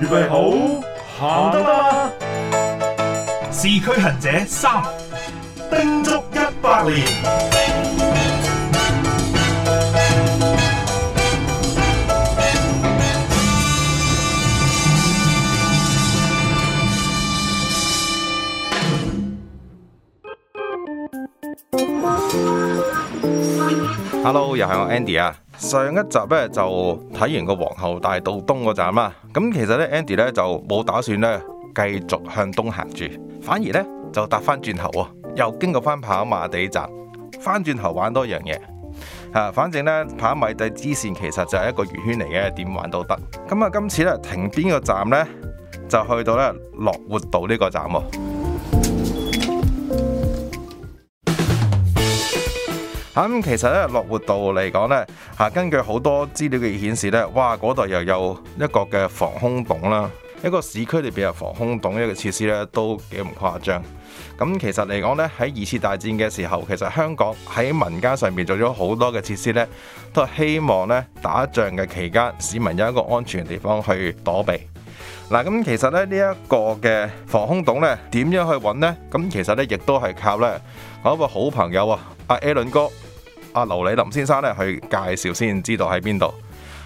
預備好行得嗎？市區行者三叮足一百年。Hello，又係我 Andy 啊！上一集咧就睇完個皇后大道東嗰站啦，咁其實咧 Andy 咧就冇打算咧繼續向東行住，反而咧就搭翻轉頭啊，又經過翻跑馬地站，翻轉頭玩多樣嘢啊，反正咧跑馬地支線其實就係一個圓圈嚟嘅，點玩都得。咁啊，今次咧停邊個站咧，就去到咧樂活道呢個站。咁其實咧，落活道嚟講咧，嚇根據好多資料嘅顯示呢，哇嗰度又有一個嘅防空洞啦，一個市區裏邊有防空洞一個設施咧都幾唔誇張。咁其實嚟講呢，喺二次大戰嘅時候，其實香港喺民間上面做咗好多嘅設施呢，都係希望咧，打仗嘅期間，市民有一個安全嘅地方去躲避。嗱，咁其實咧呢一個嘅防空洞呢，點樣去揾呢？咁其實呢，亦都係靠呢我一個好朋友啊，阿 Allen 哥。阿劉李林先生咧去介紹先知道喺邊度。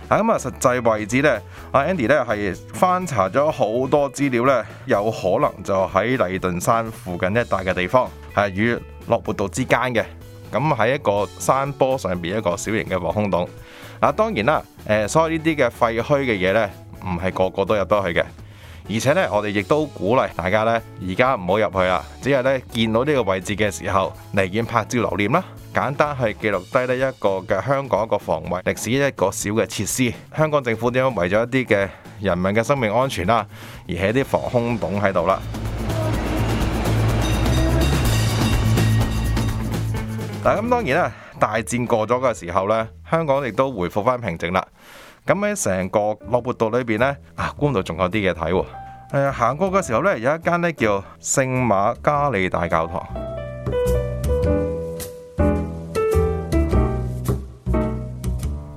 啊咁啊，實際位置咧，阿 Andy 咧係翻查咗好多資料咧，有可能就喺禮頓山附近一帶嘅地方，係與樂活道之間嘅。咁喺一個山坡上面一個小型嘅防空洞。嗱當然啦，誒所有呢啲嘅廢墟嘅嘢咧，唔係個個都入得去嘅。而且咧，我哋亦都鼓勵大家咧，而家唔好入去啦，只係咧見到呢個位置嘅時候，寧願拍照留念啦，簡單去記錄低呢一個嘅香港一個防衛歷史一個小嘅設施。香港政府點樣為咗一啲嘅人民嘅生命安全啦，而喺啲防空洞喺度啦。嗱，咁 當然啦，大戰過咗嘅時候呢，香港亦都回復返平靜啦。咁喺成個樂活道裏邊呢，啊，官道仲有啲嘢睇喎。行過嘅時候呢，有一間呢叫聖瑪加利大教堂。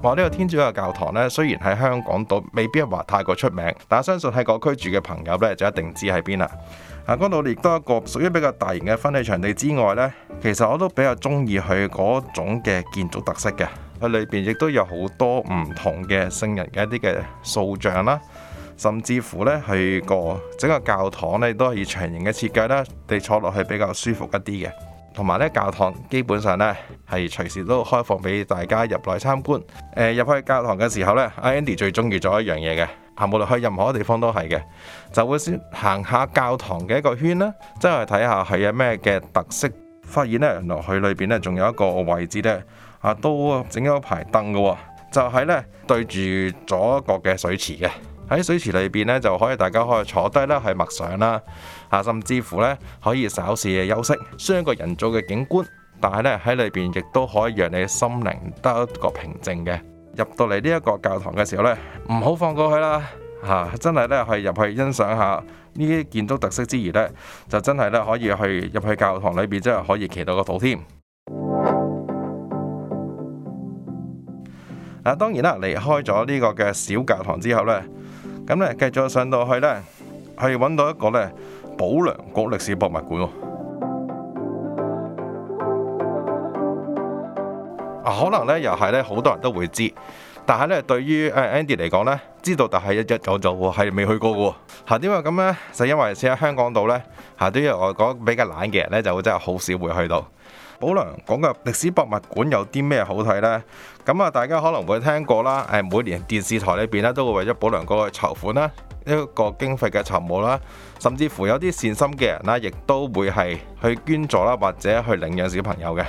哇！呢、呢個天主教教堂呢，雖然喺香港島未必話太過出名，但相信喺嗰區住嘅朋友呢，就一定知喺邊啦。啊，嗰度亦都係一個屬於比較大型嘅婚禮場地之外呢，其實我都比較中意佢嗰種嘅建築特色嘅。佢裏邊亦都有好多唔同嘅聖人嘅一啲嘅塑像啦，甚至乎呢，去個整個教堂呢，都係以長形嘅設計啦，地坐落去比較舒服一啲嘅。同埋呢，教堂基本上呢，係隨時都開放俾大家入內參觀。誒、呃、入去教堂嘅時候呢，Andy 最中意做一樣嘢嘅，無論去任何地方都係嘅，就會先行下教堂嘅一個圈啦，即係睇下係有咩嘅特色。發現呢，原來佢裏邊仲有一個位置呢。啊，都整咗排凳嘅，就係呢對住左角嘅水池嘅。喺水池裏邊呢，就可以大家可以坐低啦，係默想啦，啊，甚至乎呢，可以稍事嘅休息。雖然個人造嘅景觀，但係呢，喺裏邊亦都可以讓你心靈得一個平靜嘅。入到嚟呢一個教堂嘅時候呢，唔好放過去啦，吓、啊，真係呢，去入去欣賞下呢啲建築特色之餘呢，就真係呢，可以去入去教堂裏邊，真係可以祈到個禱添。嗱，當然啦，離開咗呢個嘅小教堂之後呢，咁呢繼續上到去呢，去揾到一個呢保良局歷史博物館喎、哦 啊。可能呢，又係呢，好多人都會知道，但係呢，對於 Andy 嚟講呢。知道，但係一一九九喎，係未去過嘅喎嚇。點解咁呢，就因為先喺香港度呢，咧都啲我講比較懶嘅人呢，就真係好少會去到保良局嘅歷史博物館有啲咩好睇呢？咁啊，大家可能會聽過啦。誒，每年電視台裏邊呢，都會為咗保良局嗰個籌款啦，一個經費嘅籌募啦，甚至乎有啲善心嘅人啦，亦都會係去捐助啦，或者去領養小朋友嘅。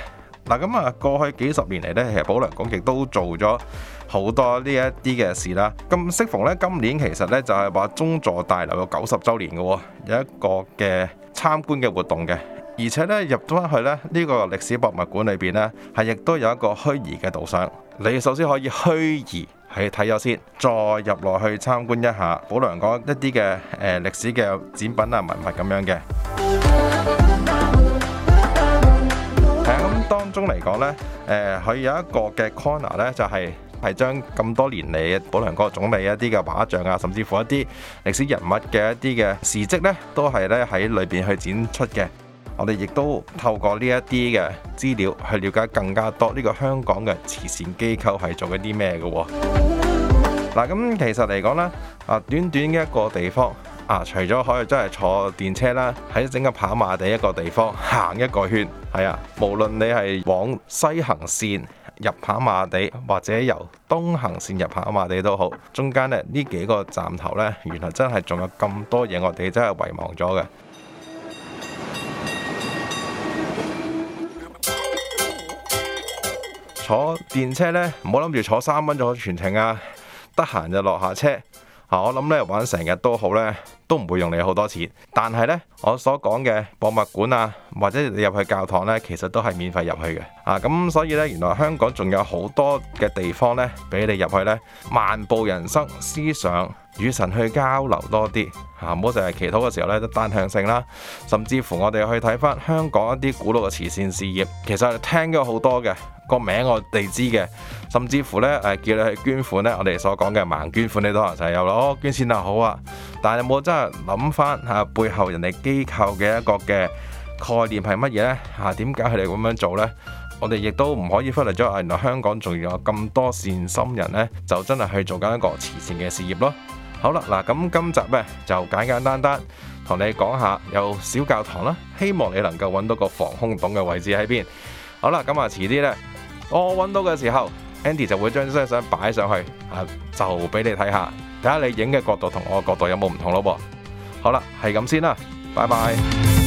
嗱咁啊，過去幾十年嚟呢，其實保良局亦都做咗好多呢一啲嘅事啦。咁適逢呢，今年其實呢，就係話中座大樓有九十週年嘅喎，有一個嘅參觀嘅活動嘅，而且呢，入咗去呢，呢個歷史博物館裏邊呢，係亦都有一個虛擬嘅導賞。你首先可以虛擬去睇咗先，再入落去參觀一下保良局一啲嘅誒歷史嘅展品啊文物咁樣嘅。中嚟講呢，誒佢有一個嘅 corner 呢，就係係將咁多年嚟保良局總理一啲嘅畫像啊，甚至乎一啲歷史人物嘅一啲嘅事蹟呢，都係呢喺裏邊去展出嘅。我哋亦都透過呢一啲嘅資料去了解更加多呢個香港嘅慈善機構係做緊啲咩嘅。嗱，咁其實嚟講咧，啊短短嘅一個地方。啊！除咗可以真係坐電車啦，喺整個跑馬地一個地方行一個圈，係啊！無論你係往西行線入跑馬地，或者由東行線入跑馬地都好，中間呢呢幾個站頭呢，原來真係仲有咁多嘢我哋真係遺忘咗嘅。坐電車呢，唔好諗住坐三蚊坐全程啊！得閒就落下車。我諗咧玩成日都好咧，都唔會用你好多錢。但係咧，我所講嘅博物館啊，或者你入去教堂咧，其實都係免費入去嘅。啊，咁所以咧，原來香港仲有好多嘅地方咧，俾你入去咧，漫步人生思想。與神去交流多啲嚇，唔好就係祈禱嘅時候咧，得單向性啦。甚至乎我哋去睇翻香港一啲古老嘅慈善事業，其實我哋聽咗好多嘅個名，我哋知嘅。甚至乎咧誒，叫你去捐款咧，我哋所講嘅盲捐款呢，都可能就係、有咯捐錢又好啊，但係有冇真係諗翻嚇背後人哋機構嘅一個嘅概念係乜嘢呢？嚇點解佢哋咁樣做呢？我哋亦都唔可以忽略咗，原來香港仲有咁多善心人呢，就真係去做緊一個慈善嘅事業咯。好啦，嗱咁今集呢，就簡簡單單同你講下，有小教堂啦，希望你能夠揾到個防空洞嘅位置喺邊。好啦，咁啊，遲啲呢，我揾到嘅時候，Andy 就會將張相擺上去，啊就俾你睇下，睇下你影嘅角度同我嘅角度有冇唔同咯噃。好啦，係咁先啦，拜拜。